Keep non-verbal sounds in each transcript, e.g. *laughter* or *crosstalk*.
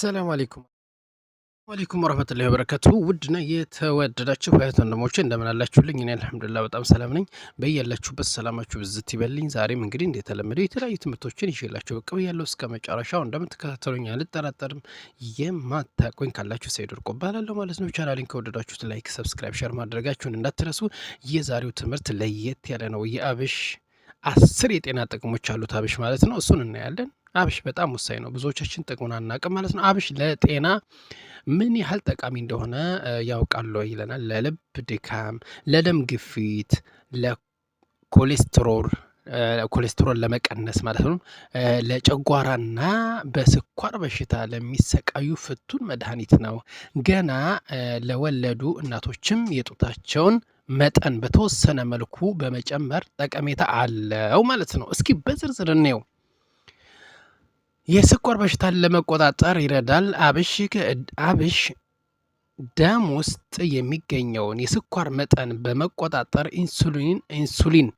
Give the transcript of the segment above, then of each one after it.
ሰላም አለይኩም አለይኩም ወረህመቱላሂ ወበረካቱሁ። ውድና የተወደዳችሁ እህት ወንድሞቼ እንደምን አላችሁልኝ? እኔ አልሐምዱሊላህ በጣም ሰላም ነኝ። በያላችሁበት ሰላማችሁ ብዝት ይበልኝ። ዛሬም እንግዲህ እንደተለመደው የተለያዩ ትምህርቶችን ይዤላችሁ ብቅ ብያለሁ። እስከ መጨረሻው እንደምትከታተሉኝ አልጠራጠርም። የማታቆኝ ካላችሁ ሰይድ ወርቆ እባላለሁ ማለት ነው። ቻናሌን ከወደዳችሁት ላይክ፣ ሰብስክራይብ፣ ሸር ማድረጋችሁን እንዳትረሱ። የዛሬው ትምህርት ለየት ያለ ነው። የአብሽ አስር የጤና ጥቅሞች አሉት አብሽ ማለት ነው። እሱን እናያለን። አብሽ በጣም ወሳኝ ነው። ብዙዎቻችን ጥቅሙን አናውቅም ማለት ነው። አብሽ ለጤና ምን ያህል ጠቃሚ እንደሆነ ያውቃሉ ይለናል። ለልብ ድካም፣ ለደም ግፊት፣ ለኮሌስትሮል ኮሌስትሮል ለመቀነስ ማለት ነው። ለጨጓራና በስኳር በሽታ ለሚሰቃዩ ፍቱን መድኃኒት ነው። ገና ለወለዱ እናቶችም የጡታቸውን መጠን በተወሰነ መልኩ በመጨመር ጠቀሜታ አለው ማለት ነው። እስኪ በዝርዝር እንየው። የስኳር በሽታን ለመቆጣጠር ይረዳል። አብሽ ደም ውስጥ የሚገኘውን የስኳር መጠን በመቆጣጠር ኢንሱሊን ኢንሱሊን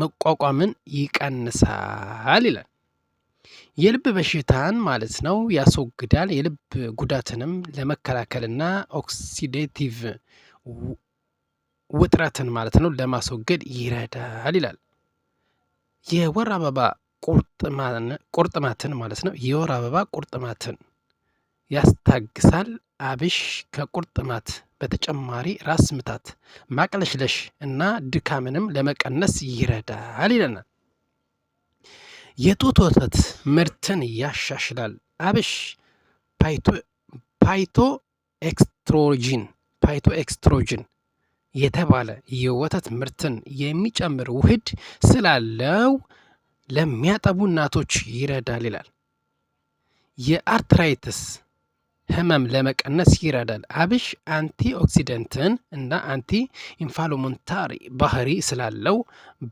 መቋቋምን ይቀንሳል ይላል። የልብ በሽታን ማለት ነው ያስወግዳል። የልብ ጉዳትንም ለመከላከልና ኦክሲዴቲቭ ውጥረትን ማለት ነው ለማስወገድ ይረዳል ይላል። የወር አበባ ቁርጥማትን ማለት ነው። የወር አበባ ቁርጥማትን ያስታግሳል። አብሽ ከቁርጥማት በተጨማሪ ራስ ምታት፣ ማቅለሽለሽ እና ድካምንም ለመቀነስ ይረዳል ይለናል። የጡት ወተት ምርትን ያሻሽላል። አብሽ ፓይቶ ኤክስትሮጂን ፓይቶ ኤክስትሮጂን የተባለ የወተት ምርትን የሚጨምር ውህድ ስላለው ለሚያጠቡ እናቶች ይረዳል ይላል። የአርትራይትስ ህመም ለመቀነስ ይረዳል። አብሽ አንቲ ኦክሲደንትን እና አንቲ ኢንፋሎመንታሪ ባህሪ ስላለው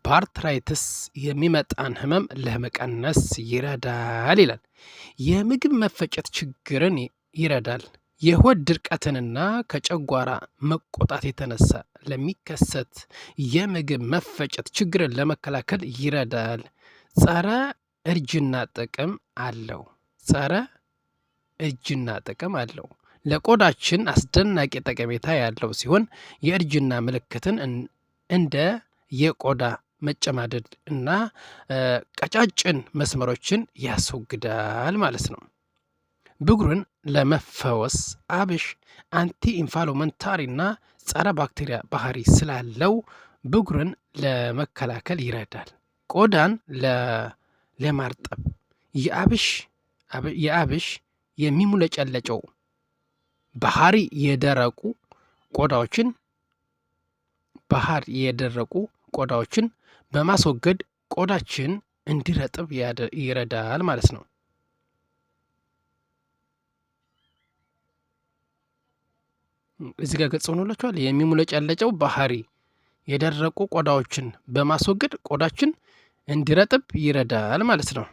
በአርትራይትስ የሚመጣን ህመም ለመቀነስ ይረዳል ይላል። የምግብ መፈጨት ችግርን ይረዳል። የሆድ ድርቀትንና ከጨጓራ መቆጣት የተነሳ ለሚከሰት የምግብ መፈጨት ችግርን ለመከላከል ይረዳል። ጸረ እርጅና ጥቅም አለው። ጸረ እርጅና ጥቅም አለው። ለቆዳችን አስደናቂ ጠቀሜታ ያለው ሲሆን የእርጅና ምልክትን እንደ የቆዳ መጨማደድ እና ቀጫጭን መስመሮችን ያስወግዳል ማለት ነው። ብጉርን ለመፈወስ አብሽ አንቲ ኢንፋሎመንታሪ እና ጸረ ባክቴሪያ ባህሪ ስላለው ብጉርን ለመከላከል ይረዳል። ቆዳን ለማርጠብ የአብሽ የአብሽ የሚሙለጨለጨው ባህሪ የደረቁ ቆዳዎችን ባህር የደረቁ ቆዳዎችን በማስወገድ ቆዳችን እንዲረጥብ ይረዳል ማለት ነው። እዚ ጋር ገጽ ሆኖላችኋል። የሚሙለጨለጨው ባህሪ የደረቁ ቆዳዎችን በማስወገድ ቆዳችን እንዲረጥብ ይረዳል ማለት ነው።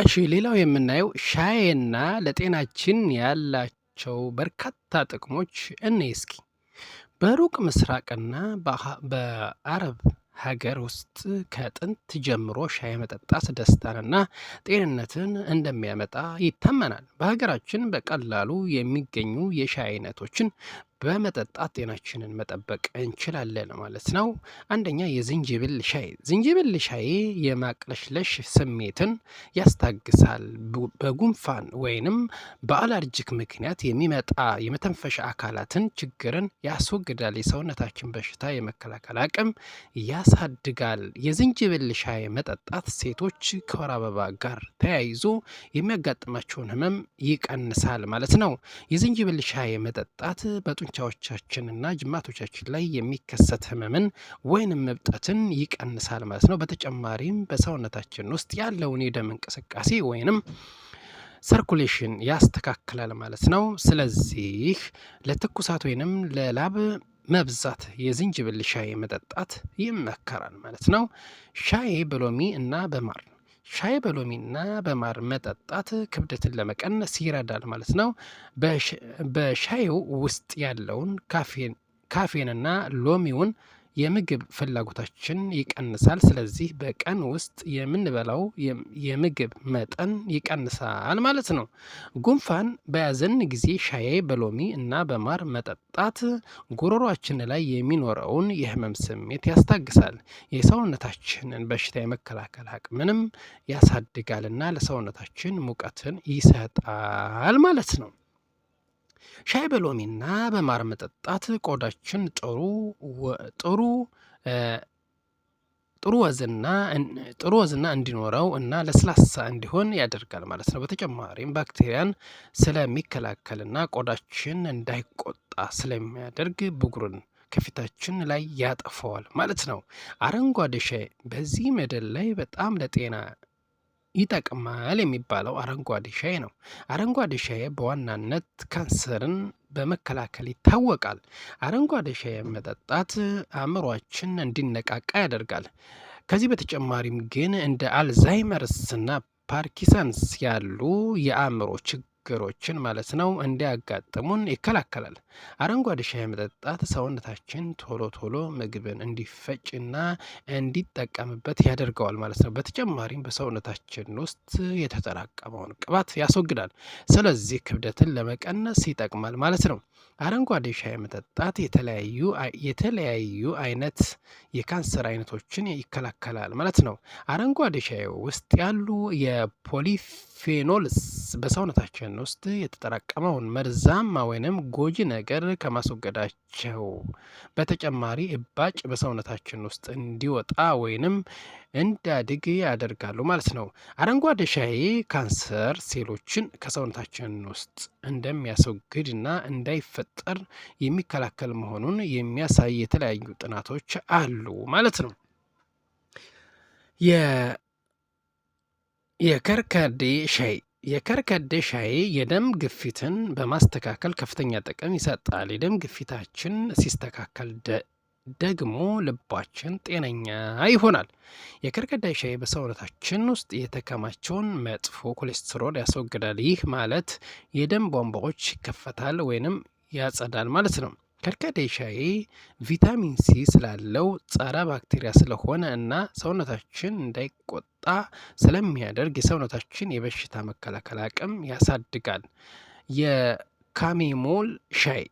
እሺ ሌላው የምናየው ሻይና ለጤናችን ያላቸው በርካታ ጥቅሞች እንይ እስኪ። በሩቅ ምስራቅና በአረብ ሀገር ውስጥ ከጥንት ጀምሮ ሻይ መጠጣት ደስታንና ጤንነትን እንደሚያመጣ ይታመናል። በሀገራችን በቀላሉ የሚገኙ የሻይ አይነቶችን በመጠጣት ጤናችንን መጠበቅ እንችላለን ማለት ነው። አንደኛ የዝንጅብል ሻይ። ዝንጅብል ሻይ የማቅለሽለሽ ስሜትን ያስታግሳል። በጉንፋን ወይንም በአላርጂክ ምክንያት የሚመጣ የመተንፈሻ አካላትን ችግርን ያስወግዳል። የሰውነታችን በሽታ የመከላከል አቅም ያሳድጋል። የዝንጅብል ሻይ መጠጣት ሴቶች ከወር አበባ ጋር ተያይዞ የሚያጋጥማቸውን ህመም ይቀንሳል ማለት ነው። የዝንጅብል ሻይ መጠጣት በጡ ጡንቻዎቻችንና ጅማቶቻችን ላይ የሚከሰት ህመምን ወይንም እብጠትን ይቀንሳል ማለት ነው። በተጨማሪም በሰውነታችን ውስጥ ያለውን የደም እንቅስቃሴ ወይንም ሰርኩሌሽን ያስተካክላል ማለት ነው። ስለዚህ ለትኩሳት ወይንም ለላብ መብዛት የዝንጅብል ሻይ መጠጣት ይመከራል ማለት ነው። ሻይ በሎሚ እና በማር ሻይ በሎሚና በማር መጠጣት ክብደትን ለመቀነስ ይረዳል ማለት ነው። በሻዩ ውስጥ ያለውን ካፌንና ሎሚውን የምግብ ፍላጎታችን ይቀንሳል። ስለዚህ በቀን ውስጥ የምንበላው የምግብ መጠን ይቀንሳል ማለት ነው። ጉንፋን በያዘን ጊዜ ሻይ በሎሚ እና በማር መጠጣት ጉሮሯችን ላይ የሚኖረውን የህመም ስሜት ያስታግሳል። የሰውነታችንን በሽታ የመከላከል አቅምንም ያሳድጋልና ለሰውነታችን ሙቀትን ይሰጣል ማለት ነው። ሻይ በሎሚና በማር መጠጣት ቆዳችን ጥሩ ጥሩ ጥሩ ወዝና ጥሩ ወዝና እንዲኖረው እና ለስላሳ እንዲሆን ያደርጋል ማለት ነው። በተጨማሪም ባክቴሪያን ስለሚከላከልና ቆዳችን እንዳይቆጣ ስለሚያደርግ ብጉርን ከፊታችን ላይ ያጠፈዋል ማለት ነው። አረንጓዴ ሻይ በዚህ መደል ላይ በጣም ለጤና ይጠቅማል የሚባለው አረንጓዴ ሻይ ነው። አረንጓዴ ሻይ በዋናነት ካንሰርን በመከላከል ይታወቃል። አረንጓዴ ሻይ መጠጣት አእምሯችን እንዲነቃቃ ያደርጋል። ከዚህ በተጨማሪም ግን እንደ አልዛይመርስና ፓርኪሰንስ ያሉ የአእምሮ ችግሮችን ማለት ነው እንዲያጋጥሙን ይከላከላል። አረንጓዴ ሻይ መጠጣት ሰውነታችን ቶሎ ቶሎ ምግብን እንዲፈጭና እንዲጠቀምበት ያደርገዋል ማለት ነው። በተጨማሪም በሰውነታችን ውስጥ የተጠራቀመውን ቅባት ያስወግዳል። ስለዚህ ክብደትን ለመቀነስ ይጠቅማል ማለት ነው። አረንጓዴ ሻይ መጠጣት የተለያዩ የተለያዩ አይነት የካንሰር አይነቶችን ይከላከላል ማለት ነው። አረንጓዴ ሻይ ውስጥ ያሉ የፖሊፌኖልስ በሰውነታችን ውስጥ የተጠራቀመውን መርዛማ ወይንም ጎጂ ነገር ከማስወገዳቸው በተጨማሪ እባጭ በሰውነታችን ውስጥ እንዲወጣ ወይንም እንዲያድግ ያደርጋሉ ማለት ነው። አረንጓዴ ሻይ ካንሰር ሴሎችን ከሰውነታችን ውስጥ እንደሚያስወግድና እንዳይፈጠር የሚከላከል መሆኑን የሚያሳይ የተለያዩ ጥናቶች አሉ ማለት ነው። የከርከዴ ሻይ የከርከዴ ሻይ የደም ግፊትን በማስተካከል ከፍተኛ ጥቅም ይሰጣል። የደም ግፊታችን ሲስተካከል ደግሞ ልባችን ጤነኛ ይሆናል። የከርከዴ ሻይ በሰውነታችን ውስጥ የተከማቸውን መጥፎ ኮሌስትሮል ያስወግዳል። ይህ ማለት የደም ቧንቧዎች ይከፈታል ወይንም ያጸዳል ማለት ነው። ሻይ ቪታሚን ሲ ስላለው ጸረ ባክቴሪያ ስለሆነ እና ሰውነታችን እንዳይቆጣ ስለሚያደርግ የሰውነታችን የበሽታ መከላከል አቅም ያሳድጋል። የካሜሞል ሻይ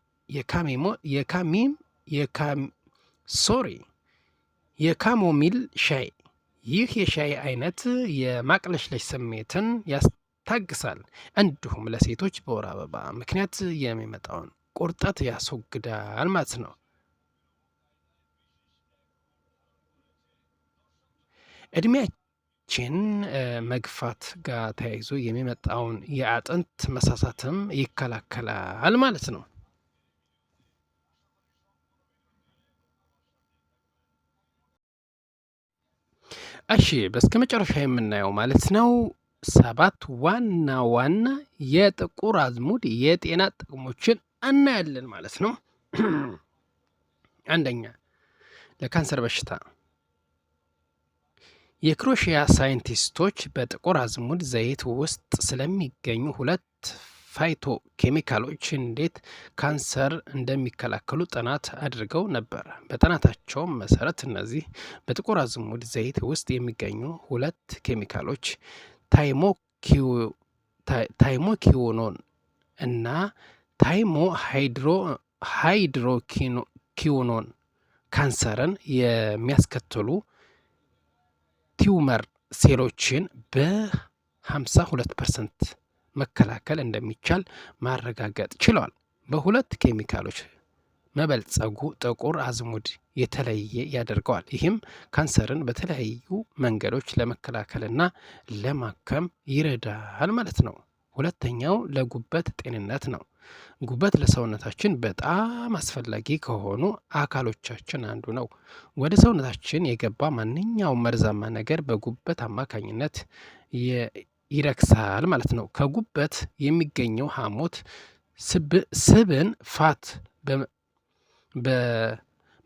የካሚም ሶሪ የካሞሚል ሻይ ይህ የሻይ አይነት የማቅለሽለሽ ስሜትን ያስታግሳል። እንዲሁም ለሴቶች በወር አበባ ምክንያት የሚመጣውን ቁርጠት ያስወግዳል ማለት ነው። እድሜያችን መግፋት ጋር ተያይዞ የሚመጣውን የአጥንት መሳሳትም ይከላከላል ማለት ነው። እሺ በስከ መጨረሻ የምናየው ማለት ነው ሰባት ዋና ዋና የጥቁር አዝሙድ የጤና ጥቅሞችን እናያለን ማለት ነው። *clears throat* አንደኛ ለካንሰር በሽታ የክሮሽያ ሳይንቲስቶች በጥቁር አዝሙድ ዘይት ውስጥ ስለሚገኙ ሁለት ፋይቶ ኬሚካሎች እንዴት ካንሰር እንደሚከላከሉ ጥናት አድርገው ነበር። በጥናታቸውም መሰረት እነዚህ በጥቁር አዝሙድ ዘይት ውስጥ የሚገኙ ሁለት ኬሚካሎች ታይሞኪዮኖን እና ታይሞ ሃይድሮኪኖን ካንሰርን የሚያስከትሉ ቲውመር ሴሎችን በ52 ፐርሰንት መከላከል እንደሚቻል ማረጋገጥ ችሏል። በሁለት ኬሚካሎች መበልጸጉ ጥቁር አዝሙድ የተለየ ያደርገዋል። ይህም ካንሰርን በተለያዩ መንገዶች ለመከላከልና ለማከም ይረዳል ማለት ነው። ሁለተኛው ለጉበት ጤንነት ነው። ጉበት ለሰውነታችን በጣም አስፈላጊ ከሆኑ አካሎቻችን አንዱ ነው። ወደ ሰውነታችን የገባ ማንኛውም መርዛማ ነገር በጉበት አማካኝነት ይረክሳል ማለት ነው። ከጉበት የሚገኘው ሐሞት ስብን ፋት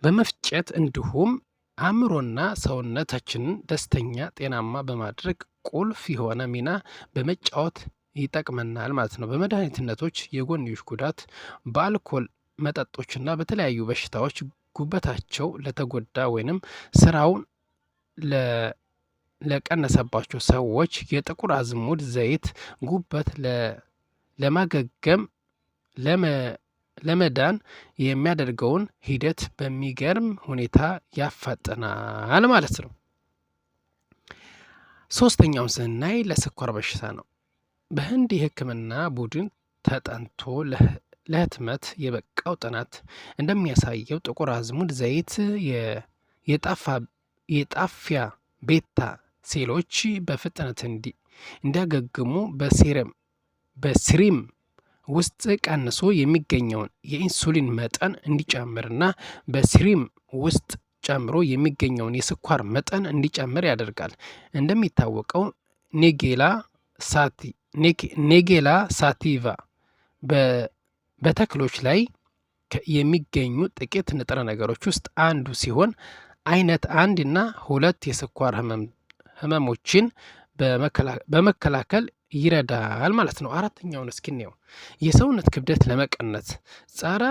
በመፍጨት እንዲሁም አእምሮና ሰውነታችንን ደስተኛ፣ ጤናማ በማድረግ ቁልፍ የሆነ ሚና በመጫወት ይጠቅመናል ማለት ነው። በመድኃኒትነቶች የጎንዮሽ ጉዳት በአልኮል መጠጦችና በተለያዩ በሽታዎች ጉበታቸው ለተጎዳ ወይንም ስራውን ለቀነሰባቸው ሰዎች የጥቁር አዝሙድ ዘይት ጉበት ለማገገም ለመዳን የሚያደርገውን ሂደት በሚገርም ሁኔታ ያፋጥናል ማለት ነው። ሶስተኛውን ስናይ ለስኳር በሽታ ነው። በህንድ የህክምና ቡድን ተጠንቶ ለህትመት የበቃው ጥናት እንደሚያሳየው ጥቁር አዝሙድ ዘይት የጣፊያ ቤታ ሴሎች በፍጥነት እንዲያገግሙ በሲሪም ውስጥ ቀንሶ የሚገኘውን የኢንሱሊን መጠን እንዲጨምርና በስሪም ውስጥ ጨምሮ የሚገኘውን የስኳር መጠን እንዲጨምር ያደርጋል። እንደሚታወቀው ኔጌላ ሳቲ ኔጌላ ሳቲቫ በተክሎች ላይ የሚገኙ ጥቂት ንጥረ ነገሮች ውስጥ አንዱ ሲሆን አይነት አንድ እና ሁለት የስኳር ህመሞችን በመከላከል ይረዳል ማለት ነው። አራተኛውን እስኪ እንየው። የሰውነት ክብደት ለመቀነስ ጸረ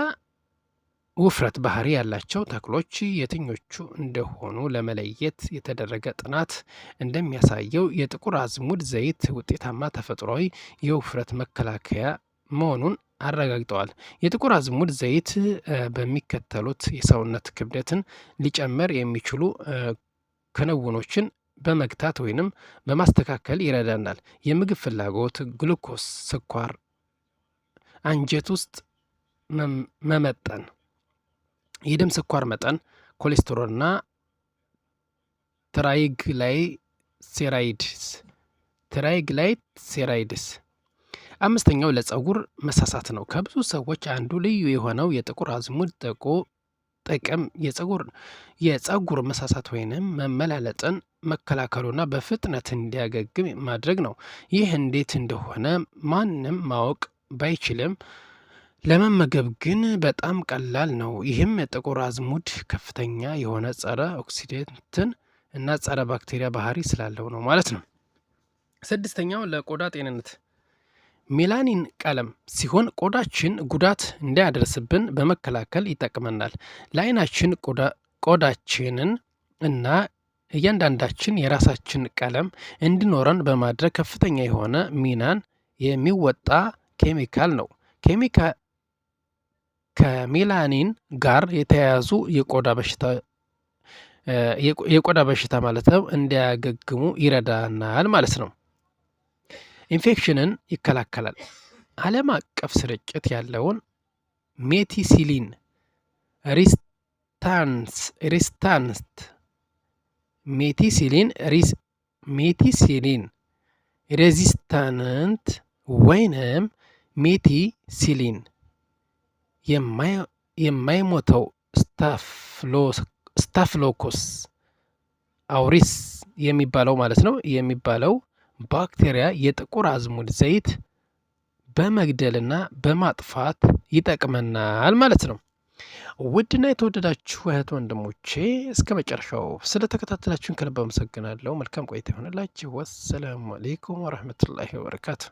ውፍረት ባህሪ ያላቸው ተክሎች የትኞቹ እንደሆኑ ለመለየት የተደረገ ጥናት እንደሚያሳየው የጥቁር አዝሙድ ዘይት ውጤታማ ተፈጥሯዊ የውፍረት መከላከያ መሆኑን አረጋግጠዋል። የጥቁር አዝሙድ ዘይት በሚከተሉት የሰውነት ክብደትን ሊጨምር የሚችሉ ክንውኖችን በመግታት ወይንም በማስተካከል ይረዳናል። የምግብ ፍላጎት፣ ግሉኮስ፣ ስኳር፣ አንጀት ውስጥ መመጠን የደም ስኳር መጠን ኮሌስትሮልና ትራይግላይሴራይድስ ትራይግላይሴራይድስ። አምስተኛው ለፀጉር መሳሳት ነው። ከብዙ ሰዎች አንዱ ልዩ የሆነው የጥቁር አዝሙድ ጥቁ ጥቅም የጸጉር መሳሳት ወይንም መመላለጥን መከላከሉና በፍጥነት እንዲያገግም ማድረግ ነው። ይህ እንዴት እንደሆነ ማንም ማወቅ ባይችልም ለመመገብ ግን በጣም ቀላል ነው። ይህም የጥቁር አዝሙድ ከፍተኛ የሆነ ጸረ ኦክሲደንትን እና ጸረ ባክቴሪያ ባህሪ ስላለው ነው ማለት ነው። ስድስተኛው ለቆዳ ጤንነት ሜላኒን ቀለም ሲሆን ቆዳችን ጉዳት እንዳያደርስብን በመከላከል ይጠቅመናል። ለአይናችን ቆዳችንን እና እያንዳንዳችን የራሳችን ቀለም እንዲኖረን በማድረግ ከፍተኛ የሆነ ሚናን የሚወጣ ኬሚካል ነው። ከሜላኒን ጋር የተያያዙ የቆዳ በሽታ የቆዳ በሽታ ማለት ነው እንዲያገግሙ ይረዳናል ማለት ነው። ኢንፌክሽንን ይከላከላል። ዓለም አቀፍ ስርጭት ያለውን ሜቲሲሊን ሪስታንስት ሜቲሲሊን ሜቲሲሊን ሬዚስታንት ወይንም ሜቲሲሊን የማይሞተው ስታፍሎኮስ አውሪስ የሚባለው ማለት ነው የሚባለው ባክቴሪያ የጥቁር አዝሙድ ዘይት በመግደልና በማጥፋት ይጠቅመናል ማለት ነው። ውድና የተወደዳችሁ እህት ወንድሞቼ እስከ መጨረሻው ስለተከታተላችሁን ከልብ አመሰግናለሁ። መልካም ቆይታ ይሆንላችሁ። ወሰላሙ አሌይኩም ወረህመቱላሂ ወበረካቱ።